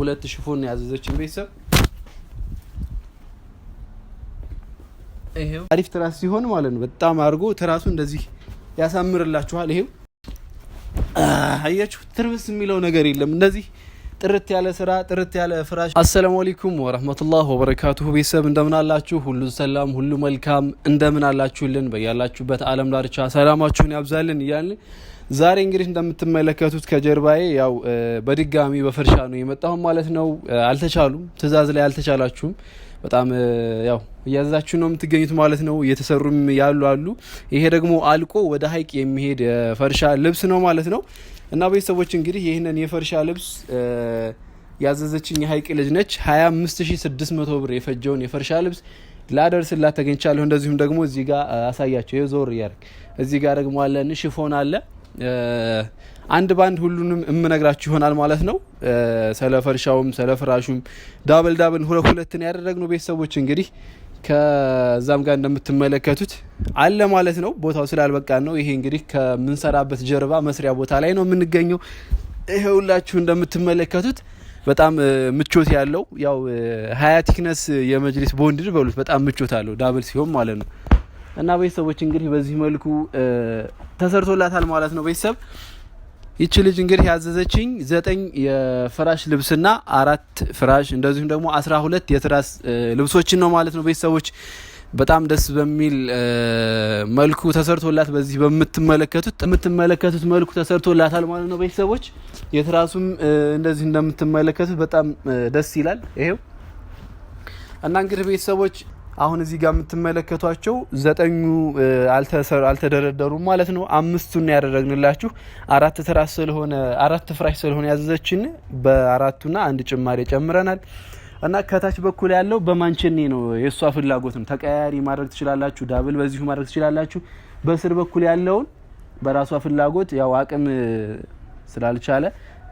ሁለት ሽፎን ያዘዘችን ቤተሰብ አሪፍ ትራስ ሲሆን ማለት ነው። በጣም አድርጎ ትራሱ እንደዚህ ያሳምርላችኋል። ይሄው አያችሁ፣ ትርብስ የሚለው ነገር የለም እንደዚህ ጥርት ያለ ስራ፣ ጥርት ያለ ፍራሽ። አሰላሙ አለይኩም ወረህመቱላህ ወበረካቱሁ። ቤተሰብ እንደምን አላችሁ? ሁሉ ሰላም፣ ሁሉ መልካም። እንደምን አላችሁልን? በያላችሁበት አለም ዳርቻ ሰላማችሁን ያብዛልን እያልን ዛሬ እንግዲህ እንደምትመለከቱት ከጀርባዬ ያው በድጋሚ በፈርሻ ነው የመጣሁም ማለት ነው። አልተቻሉም፣ ትእዛዝ ላይ አልተቻላችሁም። በጣም ያው እያዛችሁ ነው የምትገኙት ማለት ነው። እየተሰሩም ያሉ አሉ። ይሄ ደግሞ አልቆ ወደ ሀይቅ የሚሄድ የፈርሻ ልብስ ነው ማለት ነው። እና ቤተሰቦች እንግዲህ ይህንን የፈርሻ ልብስ ያዘዘችኝ የሀይቅ ልጅ ነች። 25600 ብር የፈጀውን የፈርሻ ልብስ ላደርስላት ተገኝቻለሁ። እንደዚሁም ደግሞ እዚህ ጋር አሳያቸው የዞር እያደረግ እዚህ ጋር ደግሞ አለን ሽፎን አለ አንድ ባንድ ሁሉንም የምነግራችሁ ይሆናል ማለት ነው። ስለ ፈርሻውም ስለ ፍራሹም ዳብል ዳብል ሁለት ሁለትን ያደረግነው ቤተሰቦች እንግዲህ ከዛም ጋር እንደምትመለከቱት አለ ማለት ነው። ቦታው ስላልበቃ ነው። ይሄ እንግዲህ ከምንሰራበት ጀርባ መስሪያ ቦታ ላይ ነው የምንገኘው። ይሄ ሁላችሁ እንደምትመለከቱት በጣም ምቾት ያለው ያው ሀያ ቲክነስ የመጅሊስ ቦንድድ በሉት በጣም ምቾት አለው ዳብል ሲሆን ማለት ነው። እና ቤተሰቦች እንግዲህ በዚህ መልኩ ተሰርቶላታል ማለት ነው ቤተሰብ ይቺ ልጅ እንግዲህ ያዘዘችኝ ዘጠኝ የፍራሽ ልብስና አራት ፍራሽ እንደዚሁም ደግሞ አስራ ሁለት የትራስ ልብሶችን ነው ማለት ነው ቤተሰቦች በጣም ደስ በሚል መልኩ ተሰርቶላት በዚህ በምትመለከቱት የምትመለከቱት መልኩ ተሰርቶላታል ማለት ነው ቤተሰቦች። የትራሱም እንደዚህ እንደምትመለከቱት በጣም ደስ ይላል። ይሄው እና እንግዲህ ቤተሰቦች አሁን እዚህ ጋር የምትመለከቷቸው ዘጠኙ አልተደረደሩም ማለት ነው። አምስቱን ያደረግንላችሁ አራት ትራስ ስለሆነ አራት ፍራሽ ስለሆነ ያዘዘችን በአራቱና አንድ ጭማሪ ጨምረናል እና ከታች በኩል ያለው በማንቸኔ ነው። የእሷ ፍላጎት ነው። ተቀያሪ ማድረግ ትችላላችሁ። ዳብል በዚሁ ማድረግ ትችላላችሁ። በስር በኩል ያለውን በራሷ ፍላጎት ያው አቅም ስላልቻለ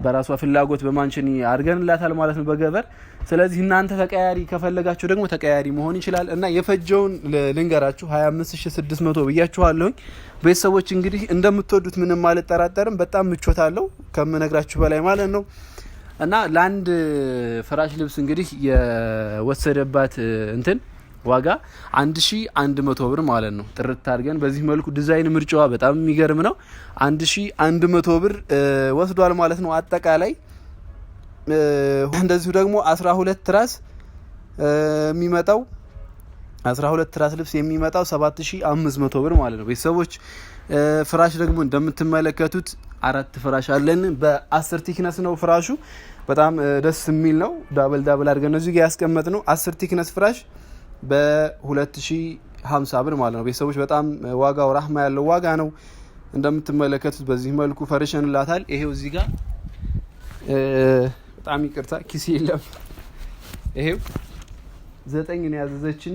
በራሷ ፍላጎት በማንችን አድርገንላታል ማለት ነው በገበር ስለዚህ እናንተ ተቀያሪ ከፈለጋችሁ ደግሞ ተቀያሪ መሆን ይችላል እና የፈጀውን ልንገራችሁ 25600 ብያችኋለሁኝ ቤተሰቦች እንግዲህ እንደምትወዱት ምንም አልጠራጠርም በጣም ምቾት አለው ከምነግራችሁ በላይ ማለት ነው እና ለአንድ ፍራሽ ልብስ እንግዲህ የወሰደባት እንትን ዋጋ 1100 ብር ማለት ነው። ጥርት አድርገን በዚህ መልኩ ዲዛይን ምርጫዋ በጣም የሚገርም ነው። 1100 ብር ወስዷል ማለት ነው አጠቃላይ። እንደዚሁ ደግሞ 12 ትራስ የሚመጣው 12 ትራስ ልብስ የሚመጣው 7500 ብር ማለት ነው ቤተሰቦች። ፍራሽ ደግሞ እንደምትመለከቱት አራት ፍራሽ አለን። በአስር ቲክነስ ነው ፍራሹ። በጣም ደስ የሚል ነው። ዳብል ዳብል አድርገን እዚህ ጋር ያስቀመጥ ነው አስር ቲክነስ ፍራሽ በ2050 ብር ማለት ነው። ቤተሰቦች በጣም ዋጋው ራህማ ያለው ዋጋ ነው። እንደምትመለከቱት በዚህ መልኩ ላታል ይሄው እዚህ ጋር በጣም ይቅርታ ኪስ የለም። ይሄው ዘጠኝን ያዘዘችን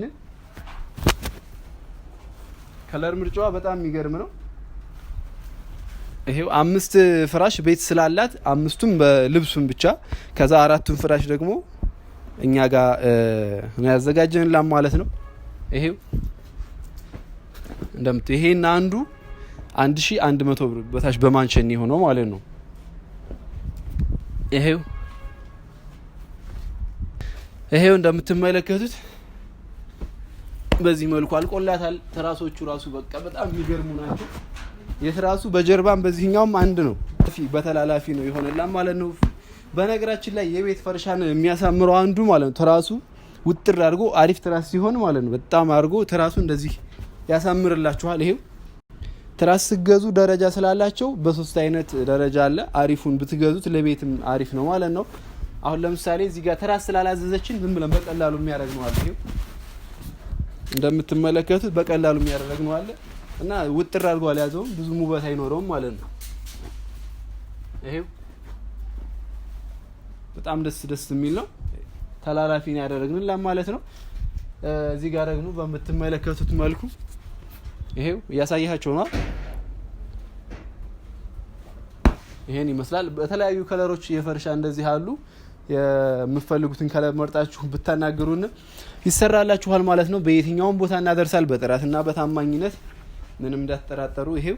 ከለር ምርጫዋ በጣም የሚገርም ነው። ይሄው አምስት ፍራሽ ቤት ስላላት አምስቱም በልብሱም ብቻ ከዛ አራቱን ፍራሽ ደግሞ እኛ ጋር ነው ያዘጋጀንላም ማለት ነው። ይሄው እንደምት ይሄን አንዱ 1100 ብር በታች በማንቸን የሆነው ማለት ነው። ይሄው ይሄው እንደምትመለከቱት በዚህ መልኩ አልቆላታል። ትራሶቹ ራሱ በቃ በጣም የሚገርሙ ናቸው። የትራሱ በጀርባም በዚህኛውም አንድ ነው። በተላላፊ ነው የሆነላም ማለት ነው። በነገራችን ላይ የቤት ፈርሻን የሚያሳምረው አንዱ ማለት ነው ትራሱ ውጥር አድርጎ አሪፍ ትራስ ሲሆን ማለት ነው በጣም አድርጎ ትራሱ እንደዚህ ያሳምርላችኋል። ይሄው ትራስ ስገዙ ደረጃ ስላላቸው በሶስት አይነት ደረጃ አለ። አሪፉን ብትገዙት ለቤትም አሪፍ ነው ማለት ነው። አሁን ለምሳሌ እዚህ ጋር ትራስ ስላላዘዘችን ዝም ብለን በቀላሉ የሚያደርግነው አለ። ይሄው እንደምትመለከቱት በቀላሉ የሚያደርግነው አለ እና ውጥር አድርጎ አልያዘውም ብዙ ውበት አይኖረውም ማለት ነው ይሄው በጣም ደስ ደስ የሚል ነው። ተላላፊን ያደረግንላ ማለት ነው። እዚህ ጋር ደግሞ በምትመለከቱት መልኩ ይሄው እያሳያቸው ነው። ይሄን ይመስላል። በተለያዩ ከለሮች የፈርሻ እንደዚህ አሉ። የምትፈልጉትን ከለር መርጣችሁ ብታናገሩን ይሰራላችኋል ማለት ነው። በየትኛውም ቦታ እናደርሳል በጥራትና በታማኝነት ምንም እንዳትጠራጠሩ። ይሄው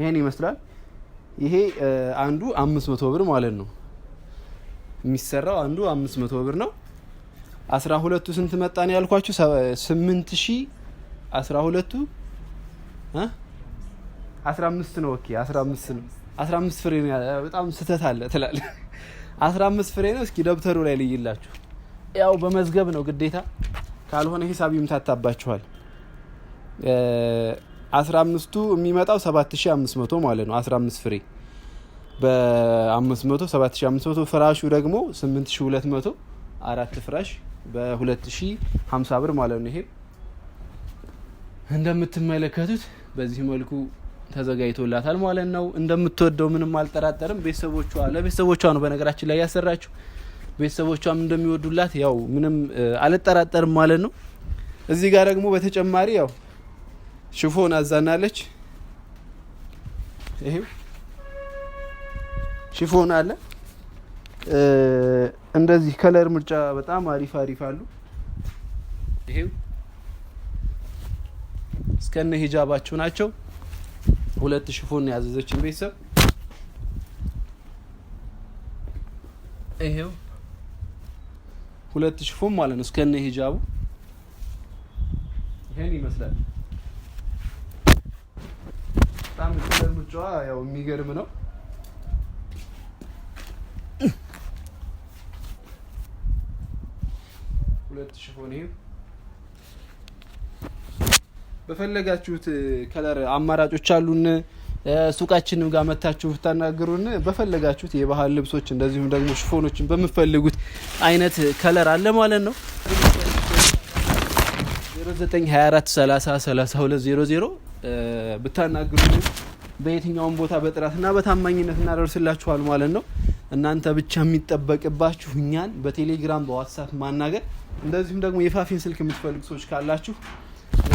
ይሄን ይመስላል። ይሄ አንዱ አምስት መቶ ብር ማለት ነው። የሚሰራው አንዱ አምስት መቶ ብር ነው። አስራ ሁለቱ ስንት መጣን ያልኳችሁ? ስምንት ሺ አስራ ሁለቱ አስራ አምስት ነው። ኦኬ አስራ አምስት ነው። አስራ አምስት ፍሬ ነው። በጣም ስህተት አለ ትላለህ። አስራ አምስት ፍሬ ነው። እስኪ ደብተሩ ላይ ልይላችሁ። ያው በመዝገብ ነው ግዴታ፣ ካልሆነ ሂሳብ ይምታታባችኋል። አስራ አምስቱ የሚመጣው ሰባት ሺ አምስት መቶ ማለት ነው። አስራ አምስት ፍሬ በ500 7500 ፍራሹ ደግሞ 8200 አራት ፍራሽ በ2050 ብር ማለት ነው። ይሄ እንደምትመለከቱት በዚህ መልኩ ተዘጋጅቶላታል ማለት ነው። እንደምትወደው ምንም አልጠራጠርም። ቤተሰቦቿ ለቤተሰቦቿ ነው በነገራችን ላይ ያሰራችሁ። ቤተሰቦቿም እንደሚወዱላት ያው ምንም አልጠራጠርም ማለት ነው። እዚህ ጋር ደግሞ በተጨማሪ ያው ሽፎን አዛናለች ይሄው ሽፎን አለ። እንደዚህ ከለር ምርጫ በጣም አሪፍ አሪፍ አሉ። ይሄው እስከነ ሂጃባቸው ናቸው። ሁለት ሽፎን ያዘዘችን ቤተሰብ ይሄው ሁለት ሽፎን ማለት ነው እስከነ ሂጃቡ ይሄን ይመስላል። በጣም ከለር ምርጫዋ ያው የሚገርም ነው። ሁለት ሽፎን ይሄ በፈለጋችሁት ከለር አማራጮች አሉን። ሱቃችንም ጋር መታችሁ ብታናግሩን በፈለጋችሁት የባህል ልብሶች እንደዚሁም ደግሞ ሽፎኖችን በምፈልጉት አይነት ከለር አለ ማለት ነው። 0924303200 ብታናግሩን በየትኛውም ቦታ በጥራት እና በታማኝነት እናደርስላችኋል ማለት ነው። እናንተ ብቻ የሚጠበቅባችሁ እኛን በቴሌግራም በዋትሳፕ ማናገር፣ እንደዚሁም ደግሞ የፋፊን ስልክ የምትፈልጉ ሰዎች ካላችሁ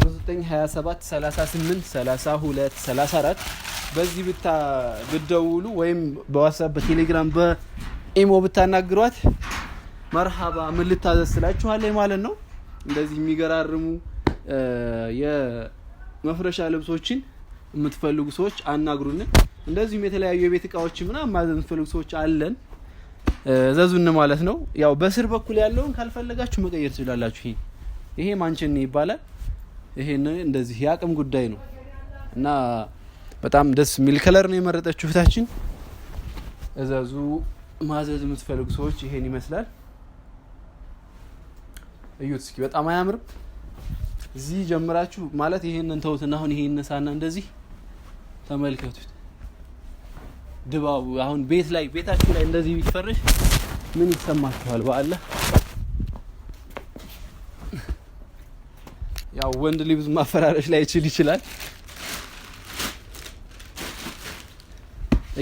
0927 38 34 በዚህ ብታ ብደውሉ ወይም በዋትሳፕ በቴሌግራም በኢሞ ብታናግሯት መርሃባ ምን ማለት ነው። እንደዚህ የሚገራርሙ የመፍረሻ ልብሶችን የምትፈልጉ ሰዎች አናግሩንን። እንደዚሁም የተለያዩ የቤት እቃዎች ምናምን ማዘዝ የምትፈልጉ ሰዎች አለን፣ እዘዙን ማለት ነው። ያው በስር በኩል ያለውን ካልፈለጋችሁ መቀየር ትችላላችሁ። ይሄ ይሄ ማንችን ይባላል። ይሄን እንደዚህ የአቅም ጉዳይ ነው እና በጣም ደስ የሚል ከለር ነው የመረጠችው ፍታችን እዘዙ። ማዘዝ የምትፈልጉ ሰዎች ይሄን ይመስላል። እዩት እስኪ በጣም አያምርም? እዚህ ጀምራችሁ ማለት ይሄንን ተውትና አሁን ይሄ ይነሳና እንደዚህ ተመልከቱት። ድባቡ አሁን ቤት ላይ ቤታችሁ ላይ እንደዚህ ቢፈርሽ ምን ይሰማችኋል? በአለ ያው ወንድ ልጅ ብዙ ማፈራረሽ ላይ ይችል ይችላል።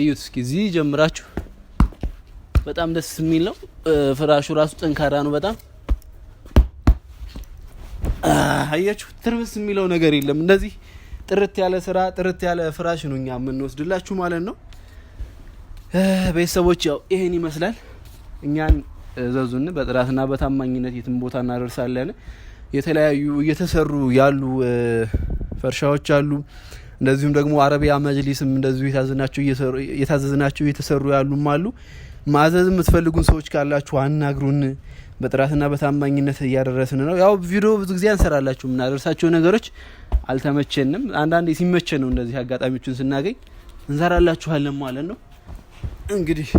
እዩት እስኪ እዚህ ጀምራችሁ በጣም ደስ የሚል ነው። ፍራሹ ራሱ ጠንካራ ነው በጣም አያችሁ፣ ትርምስ የሚለው ነገር የለም። እንደዚህ ጥርት ያለ ስራ ጥርት ያለ ፍራሽ ነው እኛ የምንወስድላችሁ ማለት ነው። ቤተሰቦች ያው ይሄን ይመስላል። እኛን እዘዙን በጥራትና በታማኝነት የትም ቦታ እናደርሳለን። የተለያዩ እየተሰሩ ያሉ ፈርሻዎች አሉ። እንደዚሁም ደግሞ አረቢያ መጅሊስም እንደዚሁ የታዘዝናቸው እየተሰሩ ያሉም አሉ። ማዘዝ የምትፈልጉን ሰዎች ካላችሁ አናግሩን። በጥራትና በታማኝነት እያደረስን ነው። ያው ቪዲዮ ብዙ ጊዜ አንሰራላችሁ፣ የምናደርሳቸው ነገሮች አልተመቸንም። አንዳንዴ ሲመቸን ነው እንደዚህ አጋጣሚዎችን ስናገኝ እንሰራላችኋለን ማለት ነው። እንግዲህ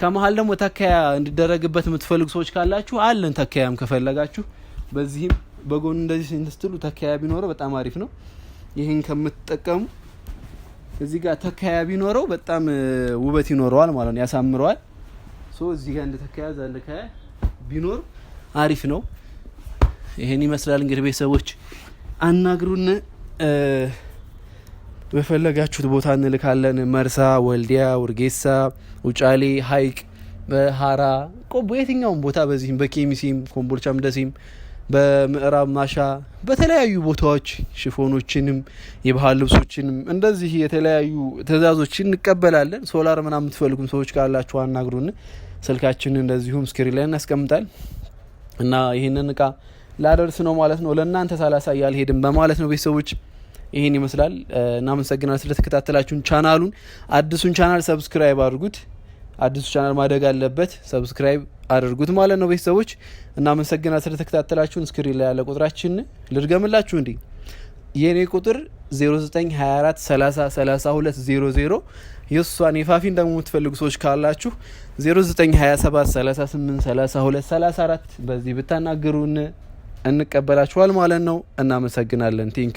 ከመሀል ደግሞ ተካያ እንዲደረግበት የምትፈልጉ ሰዎች ካላችሁ አለን። ተካያም ከፈለጋችሁ በዚህም በጎን እንደዚህ ስንትስትሉ ተካያ ቢኖረው በጣም አሪፍ ነው። ይህን ከምትጠቀሙ እዚህ ጋር ተካያ ቢኖረው በጣም ውበት ይኖረዋል ማለት ነው፣ ያሳምረዋል። ሶ እዚህ ጋር እንደ ተካያ ዛለ ካያ ቢኖር አሪፍ ነው። ይህን ይመስላል እንግዲህ ቤተሰቦች አናግሩን። በፈለጋችሁት ቦታ እንልካለን። መርሳ፣ ወልዲያ፣ ውርጌሳ፣ ውጫሌ፣ ሀይቅ፣ በሀራ ቆቦ፣ የትኛውም ቦታ በዚህም በኬሚሲም ኮምቦልቻም፣ ደሴም፣ በምዕራብ ማሻ፣ በተለያዩ ቦታዎች ሽፎኖችንም የባህል ልብሶችንም እንደዚህ የተለያዩ ትዕዛዞችን እንቀበላለን። ሶላር ምና የምትፈልጉም ሰዎች ካላችሁ አናግሩን። ስልካችን እንደዚሁም ስክሪ ላይ እናስቀምጣል እና ይህንን እቃ ላደርስ ነው ማለት ነው። ለእናንተ ሳላሳይ አልሄድም በማለት ነው ቤተሰቦች ይህን ይመስላል። እናመሰግናል ስለተከታተላችሁን። ቻናሉን አዲሱን ቻናል ሰብስክራይብ አድርጉት። አዲሱ ቻናል ማደግ አለበት። ሰብስክራይብ አድርጉት ማለት ነው። ቤተሰቦች እናመሰግናል ስለተከታተላችሁን። ስክሪን ላይ ያለ ቁጥራችን ልድገምላችሁ እንዲህ የእኔ ቁጥር 0924303200 የእሷን የፋፊን ደግሞ የምትፈልጉ ሰዎች ካላችሁ 0927383234 በዚህ ብታናግሩን እንቀበላችኋል ማለት ነው። እናመሰግናለን። ቲንክ